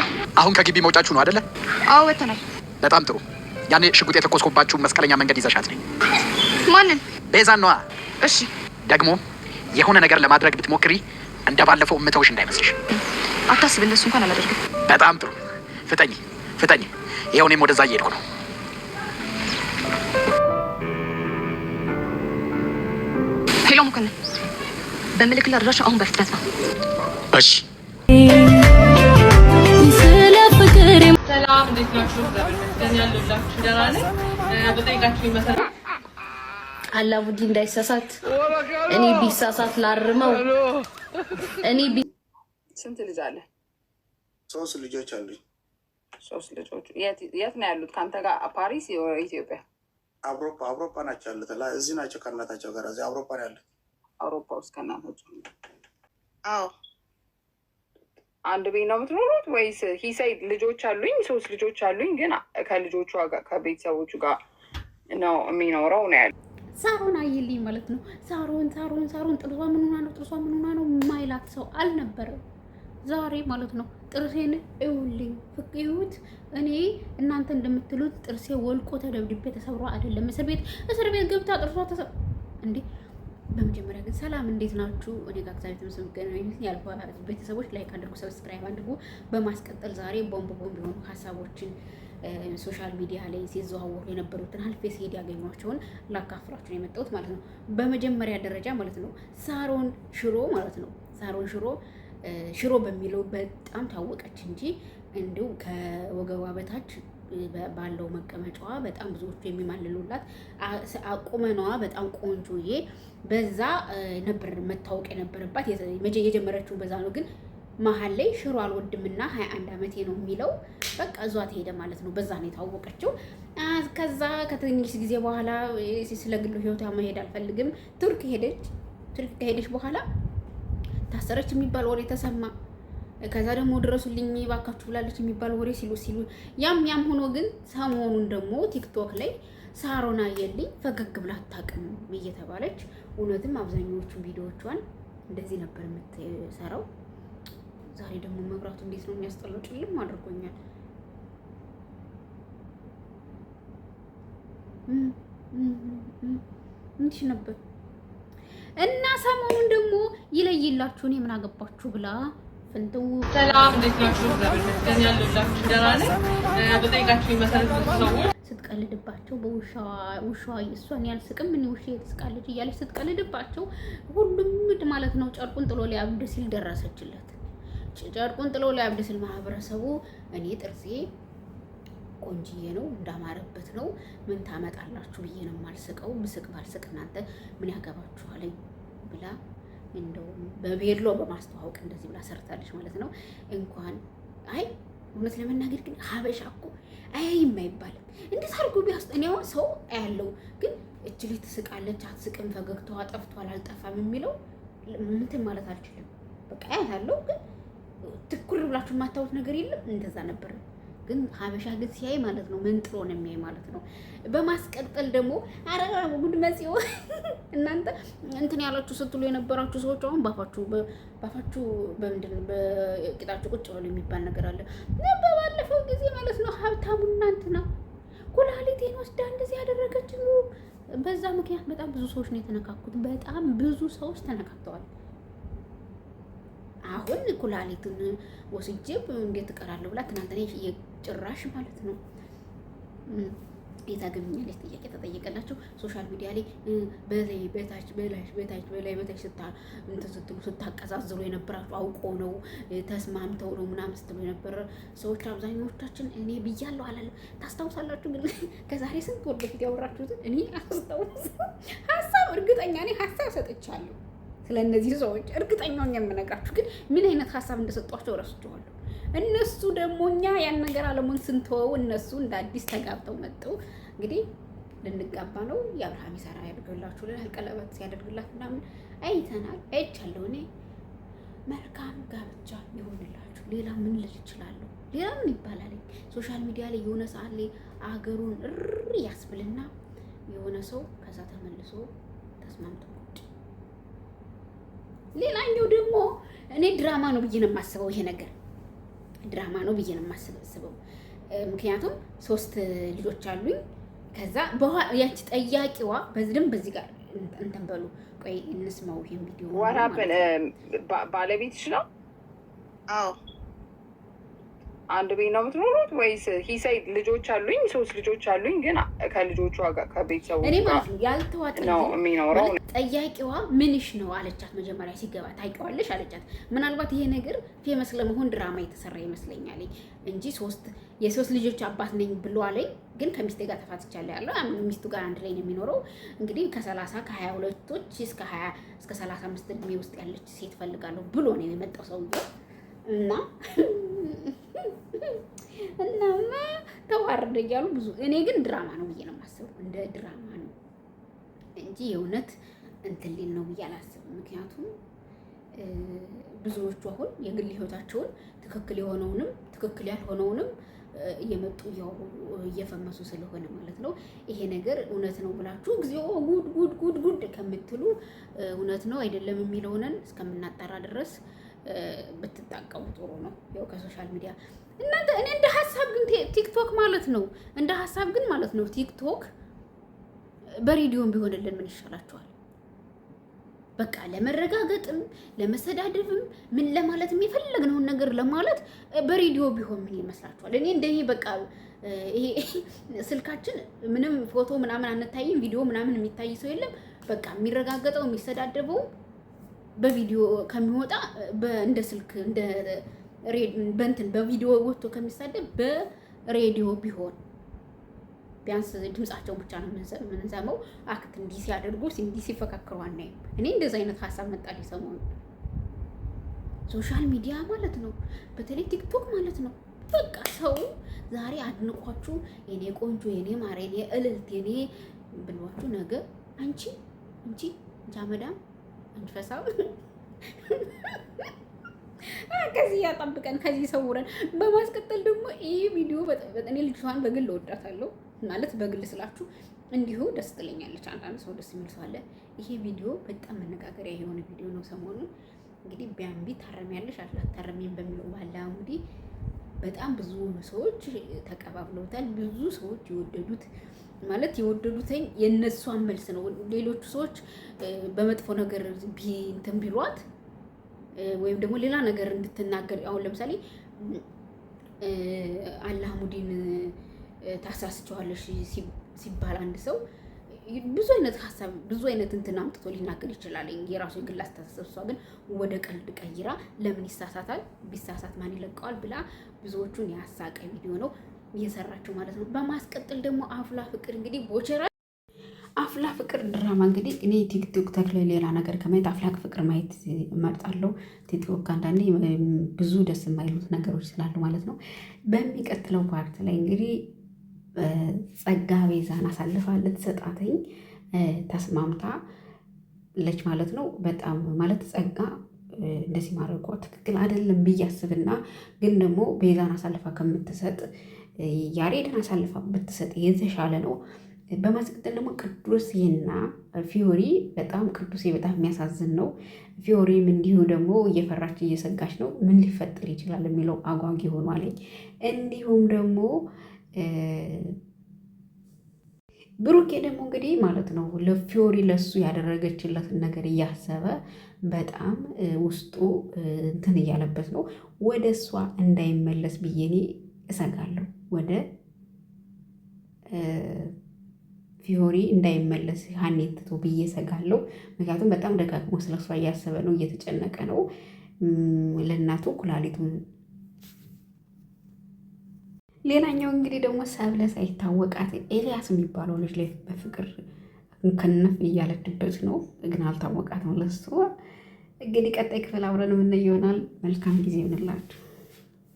ነው። አሁን ከግቢ መውጫችሁ ነው አደለ? አዎ ወተናል። በጣም ጥሩ። ያኔ ሽጉጥ የተኮስኩባችሁ መስቀለኛ መንገድ ይዘሻት ነኝ። ማንን? ቤዛን ነዋ። እሺ። ደግሞ የሆነ ነገር ለማድረግ ብትሞክሪ እንደ ባለፈው እምተውሽ እንዳይመስልሽ። አታስብ፣ እንደሱ እንኳን አላደርግም። በጣም ጥሩ። ፍጠኝ፣ ፍጠኝ። ይኸው እኔም ወደዛ እየሄድኩ ነው። ሄሎ ሙከነ፣ በምልክል አድራሻ አሁን በፍጥነት ነው። እሺ በጣም እንዴት ናችሁ? እግዚአብሔር ያለላችሁ ደህና ነኝ። በጠይቃችሁ መሰረት አላቡዲ እንዳይሳሳት እኔ ቢሳሳት ላርመው። እኔ ስንት ልጅ አለ? ሶስት ልጆች አሉ። ሶስት ልጆች የት ነው ያሉት? ከአንተ ጋር ፓሪስ ኢትዮጵያ? አውሮፓ አውሮፓ ናቸው ያሉት። እዚህ ናቸው ከእናታቸው ጋር እዚህ አውሮፓ ያሉት። አውሮፓ ውስጥ ከእናታቸው አዎ አንድ ቤት ነው የምትኖሩት ወይስ ሂሳይ ልጆች አሉኝ፣ ሶስት ልጆች አሉኝ፣ ግን ከልጆቹ ከቤተሰቦቹ ጋር ነው የሚኖረው ነው ያለ ሳሮን አየልኝ ማለት ነው። ሳሮን ሳሮን ሳሮን ጥርሷ ምን ሆና ነው ጥርሷ ምን ሆና ነው የማይላት ሰው አልነበረም። ዛሬ ማለት ነው ጥርሴን እውልኝ ፍቅዩት። እኔ እናንተ እንደምትሉት ጥርሴ ወልቆ ተደብድቤ ተሰብሮ አይደለም። እስር ቤት እስር ቤት ገብታ ጥርሷ ተሰ እንዴ በመጀመሪያ ግን ሰላም እንዴት ናችሁ? እኔ ጋር እግዚአብሔር ይመስገን ገናኝት ያልኩ ቤተሰቦች ላይክ አድርጉ፣ ሰብስክራይብ አድርጉ። በማስቀጠል ዛሬ ቦምብ ቦምብ የሆኑ ሀሳቦችን ሶሻል ሚዲያ ላይ ሲዘዋወሩ የነበሩትን አልፌ ሲሄድ ያገኟቸውን ላካፍራችሁ ነው የመጣሁት ማለት ነው። በመጀመሪያ ደረጃ ማለት ነው ሳሮን ሽሮ ማለት ነው ሳሮን ሽሮ ሽሮ በሚለው በጣም ታወቀች እንጂ እንዲሁ ከወገቧ በታች ባለው መቀመጫዋ በጣም ብዙዎቹ የሚማልሉላት አቁመናዋ በጣም ቆንጆዬ በዛ ነበር መታወቅ የነበረባት። የጀመረችው በዛ ነው ግን መሀል ላይ ሽሮ አልወድምና ሀያ አንድ ዓመቴ ነው የሚለው በቃ እዟ ተሄደ ማለት ነው። በዛ ነው የታወቀችው። ከዛ ከትንሽ ጊዜ በኋላ ስለግሉ ህይወት ህይወቷ መሄድ አልፈልግም ቱርክ ሄደች። ቱርክ ከሄደች በኋላ ታሰረች የሚባል ወሬ ተሰማ። ከዛ ደግሞ ድረሱልኝ ባካችሁ ብላለች የሚባል ወሬ ሲሉ ሲሉ ያም ያም ሆኖ ግን ሰሞኑን ደግሞ ቲክቶክ ላይ ሳሮን አየልኝ ፈገግ ብላ አታውቅም እየተባለች እውነትም አብዛኛዎቹ ቪዲዮዎቿን እንደዚህ ነበር የምትሰራው። ዛሬ ደግሞ መብራቱ እንዴት ነው የሚያስጠላው! ጭልም አድርጎኛል። እንዲህ ነበር እና ሰሞኑን ደግሞ ይለይላችሁ እኔ ምን አገባችሁ ብላ ሰላም ስትቀልድባቸው በውሻዋ እሷን ያልስቅም እኔ ውሻ የተስቃልድ እያለች ስትቀልድባቸው ሁሉም ማለት ነው ጨርቁን ጥሎ ሊያብድ ሲል ደረሰችለት። ጨርቁን ጥሎ ሊያብድ ሲል ማህበረሰቡ እኔ ጥርሴ ቆንጅዬ ነው እንዳማረበት ነው። ምን ታመጣላችሁ ብዬ ነው የማልስቀው። ምስቅ ባልስቅ እናንተ ምን ያገባችኋለኝ ብላ እንደው በቤሎ በማስተዋወቅ እንደዚህ ብላ ሰርታለች ማለት ነው። እንኳን አይ እውነት ለመናገር ግን ሀበሻ እኮ አያይም አይባልም። እንዴት አድርጎ ቢያስ እኔ አሁን ሰው አያለው ግን እች ልጅ ትስቃለች አትስቅም፣ ፈገግታዋ ጠፍቷል አልጠፋም የሚለው ምንትን ማለት አልችልም። በቃ ያት አለው ግን ትኩር ብላችሁ የማታዩት ነገር የለም። እንደዛ ነበር። ግን ሀበሻ ግን ሲያይ ማለት ነው መንጥሮ ነው የሚያይ ማለት ነው። በማስቀጠል ደግሞ አረ ጉድ መጽዮ እናንተ እንትን ያላችሁ ስትሉ የነበራችሁ ሰዎች አሁን ባፋችሁ ባፋችሁ በምንድን በቂጣችሁ ቁጭ በሉ የሚባል ነገር አለ። በባለፈው ጊዜ ማለት ነው ሀብታሙ ነው ኩላሊቴን ወስዳ እንደዚህ ያደረገችው በዛ ምክንያት በጣም ብዙ ሰዎች ነው የተነካኩት። በጣም ብዙ ሰዎች ተነካክተዋል። አሁን ኩላሊቱን ወስጄ እንዴት እቀራለሁ ብላ ትናንትና ጭራሽ ማለት ነው። የታገኙኛለች ጥያቄ ተጠየቀላቸው። ሶሻል ሚዲያ ላይ በላይ በታች በላይ በታች በላይ በታች ስታ እንትን ስትሉ ስታቀዛዝሩ የነበራችሁ አውቆ ነው ተስማምተው ነው ምናምን ስትሉ የነበረ ሰዎች አብዛኞቻችን እኔ ብያለሁ አላለም። ታስታውሳላችሁ? ግን ከዛሬ ስንት ወር በፊት ያወራችሁትን እኔ አስታውስ ሀሳብ እርግጠኛ እኔ ሀሳብ ሰጥቻለሁ። እነዚህ ሰዎች እርግጠኛውን የምነግራችሁ ግን ምን አይነት ሀሳብ እንደሰጧቸው እረስቸዋለሁ። እነሱ ደግሞ እኛ ያን ነገር አለሙን ስንተወው እነሱ እንደ አዲስ ተጋብተው መጡ። እንግዲህ ልንጋባ ነው የአብርሃም ይሰራ ያድርግላችሁ ልል ቀለበት ሲያደርግላት ምናምን አይተናል አይቻለሁ። እኔ መልካም ጋብቻ ይሆንላችሁ። ሌላ ምን ልል እችላለሁ? ሌላ ምን ይባላል? ሶሻል ሚዲያ ላይ የሆነ ሰዓት ላይ አገሩን እር ያስብልና የሆነ ሰው ከዛ ተመልሶ ተስማምቶ ቁጭ። ሌላኛው ደግሞ እኔ ድራማ ነው ብዬ ነው የማስበው ይሄ ነገር ድራማ ነው ብዬ ነው የማስበው። ምክንያቱም ሶስት ልጆች አሉኝ። ከዛ ያቺ ጠያቂዋ በዝድም በዚህ ጋር እንትን በሉ። ቆይ እንስማው ይሄን ቪዲዮ ባለቤትሽ ነው? አዎ አንድ ቤት ነው የምትኖሩት ወይስ ሂሳይ ልጆች አሉኝ? ሶስት ልጆች አሉኝ። ግን ከልጆቹ ጋር ከቤተሰቡ እኔ ማለት ነው ያልተዋጠ ነው የሚኖረው። ጠያቂዋ ምንሽ ነው አለቻት። መጀመሪያ ሲገባ ታውቂዋለሽ አለቻት። ምናልባት ይሄ ነገር ፌመስ ለመሆን ድራማ የተሰራ ይመስለኛል እንጂ ሶስት የሶስት ልጆች አባት ነኝ ብሎ አለኝ። ግን ከሚስቴ ጋር ተፋትቻለሁ ያለው ሚስቱ ጋር አንድ ላይ ነው የሚኖረው። እንግዲህ ከሰላሳ ከሀያ ሁለቶች እስከ ሀያ እስከ ሰላሳ አምስት እድሜ ውስጥ ያለች ሴት ፈልጋለሁ ብሎ ነው የመጣው ሰውዬው እና እናማ ተዋረደ እያሉ ብዙ። እኔ ግን ድራማ ነው ብዬ ነው የማስበው፣ እንደ ድራማ ነው እንጂ የእውነት እንትን ሊል ነው ብዬ አላስብም። ምክንያቱም ብዙዎቹ አሁን የግል ህይወታቸውን ትክክል የሆነውንም ትክክል ያልሆነውንም እየመጡ እያወሩ እየፈመሱ ስለሆነ ማለት ነው። ይሄ ነገር እውነት ነው ብላችሁ እግዚኦ ጉድ ጉድ ጉድ ጉድ ከምትሉ እውነት ነው አይደለም የሚለውንን እስከምናጠራ ድረስ ብትጠቀሙ ጥሩ ነው። ያው ከሶሻል ሚዲያ እናንተ እኔ እንደ ሀሳብ ግን ቲክቶክ ማለት ነው እንደ ሀሳብ ግን ማለት ነው ቲክቶክ በሬዲዮም ቢሆንልን ምን ይሻላችኋል? በቃ ለመረጋገጥም ለመሰዳደብም ምን ለማለት የፈለግነውን ነገር ለማለት በሬዲዮ ቢሆን ምን ይመስላችኋል? እኔ እንደኔ በቃ ይሄ ስልካችን ምንም ፎቶ ምናምን አንታይም፣ ቪዲዮ ምናምን የሚታይ ሰው የለም። በቃ የሚረጋገጠው የሚሰዳደበው በቪዲዮ ከሚወጣ እንደ ስልክ እንደ በእንትን በቪዲዮ ወጥቶ ከሚሳደብ በሬዲዮ ቢሆን ቢያንስ ድምጻቸው ብቻ ነው የምንሰማው። አክት እንዲህ ሲያደርጉ እንዲህ ሲፈካክሩ አናይም። እኔ እንደዚህ አይነት ሀሳብ መጣልኝ ሰሞኑን። ሶሻል ሚዲያ ማለት ነው፣ በተለይ ቲክቶክ ማለት ነው። በቃ ሰው ዛሬ አድንቋችሁ የኔ ቆንጆ፣ የኔ ማር፣ የኔ እልልት፣ የኔ ብሏችሁ ነገ አንቺ እንቺ እንጃ መዳም እንፈሳው ከዚህ ያጠብቀን፣ ከዚህ ይሰውረን። በማስቀጠል ደግሞ ይህ ቪዲዮ እኔ ልጅቷን በግል እወዳታለሁ ማለት በግል ስላችሁ እንዲሁ ደስ ትለኛለች። አንዳንድ ሰው ደስ የሚል ሰው አለ። ይሄ ቪዲዮ በጣም መነጋገሪያ የሆነ ቪዲዮ ነው። ሰሞኑን እንግዲህ ቢያንቢ ታረሚያለሽ አታረሚም በሚለው ባለ አሙዲ በጣም ብዙ ሰዎች ተቀባብለውታል። ብዙ ሰዎች የወደዱት ማለት የወደዱትኝ የእነሷን መልስ ነው። ሌሎቹ ሰዎች በመጥፎ ነገር እንትን ቢሏት ወይም ደግሞ ሌላ ነገር እንድትናገር አሁን ለምሳሌ አላሙዲን ታሳስቸዋለሽ ሲባል አንድ ሰው ብዙ አይነት ሀሳብ ብዙ አይነት እንትን አምጥቶ ሊናገር ይችላል። የራሱ የግል አስተሳሰብ። እሷ ግን ወደ ቀልድ ቀይራ ለምን ይሳሳታል፣ ቢሳሳት ማን ይለቀዋል ብላ ብዙዎቹን የአሳቀ ቪዲዮ ነው። እየሰራችሁ ማለት ነው። በማስቀጠል ደግሞ አፍላ ፍቅር እንግዲህ ቦቸራ አፍላ ፍቅር ድራማ እንግዲህ እኔ ቲክቶክ ተክለ ሌላ ነገር ከማየት አፍላ ፍቅር ማየት እመርጣለሁ። ቲክቶክ አንዳንዴ ብዙ ደስ የማይሉት ነገሮች ስላሉ ማለት ነው። በሚቀጥለው ፓርት ላይ እንግዲህ ጸጋ ቤዛን አሳልፋ ልትሰጣተኝ ተስማምታ ለች ማለት ነው። በጣም ማለት ጸጋ እንደዚህ ማድረጓ ትክክል አይደለም ብዬ አስብና ግን ደግሞ ቤዛን አሳልፋ ከምትሰጥ ያሬድን አሳልፋ ብትሰጥ የተሻለ ነው። በማስቀጠል ደግሞ ቅዱሴና ፊዮሪ በጣም ቅዱሴ በጣም የሚያሳዝን ነው። ፊዮሪም እንዲሁ ደግሞ እየፈራች እየሰጋች ነው። ምን ሊፈጠር ይችላል የሚለው አጓጊ ሆኖ አለኝ። እንዲሁም ደግሞ ብሩኬ ደግሞ እንግዲህ ማለት ነው ለፊዮሪ ለሱ ያደረገችለትን ነገር እያሰበ በጣም ውስጡ እንትን እያለበት ነው። ወደ እሷ እንዳይመለስ ብዬኔ እሰጋለሁ። ወደ ፊዮሪ እንዳይመለስ ሀኔን ትቶ ብዬ ሰጋለሁ። ምክንያቱም በጣም ደጋግሞ ስለ እሷ እያሰበ ነው፣ እየተጨነቀ ነው። ለእናቱ ኩላሊቱን ሌላኛው እንግዲህ ደግሞ ሰብለ ሳይታወቃት ኤልያስ የሚባለው ልጅ ላይ በፍቅር ከነፍ እያለችበት ነው፣ ግን አልታወቃትም። ለሱ እንግዲህ ቀጣይ ክፍል አብረን የምናየው ይሆናል። መልካም ጊዜ ይሆንላችሁ።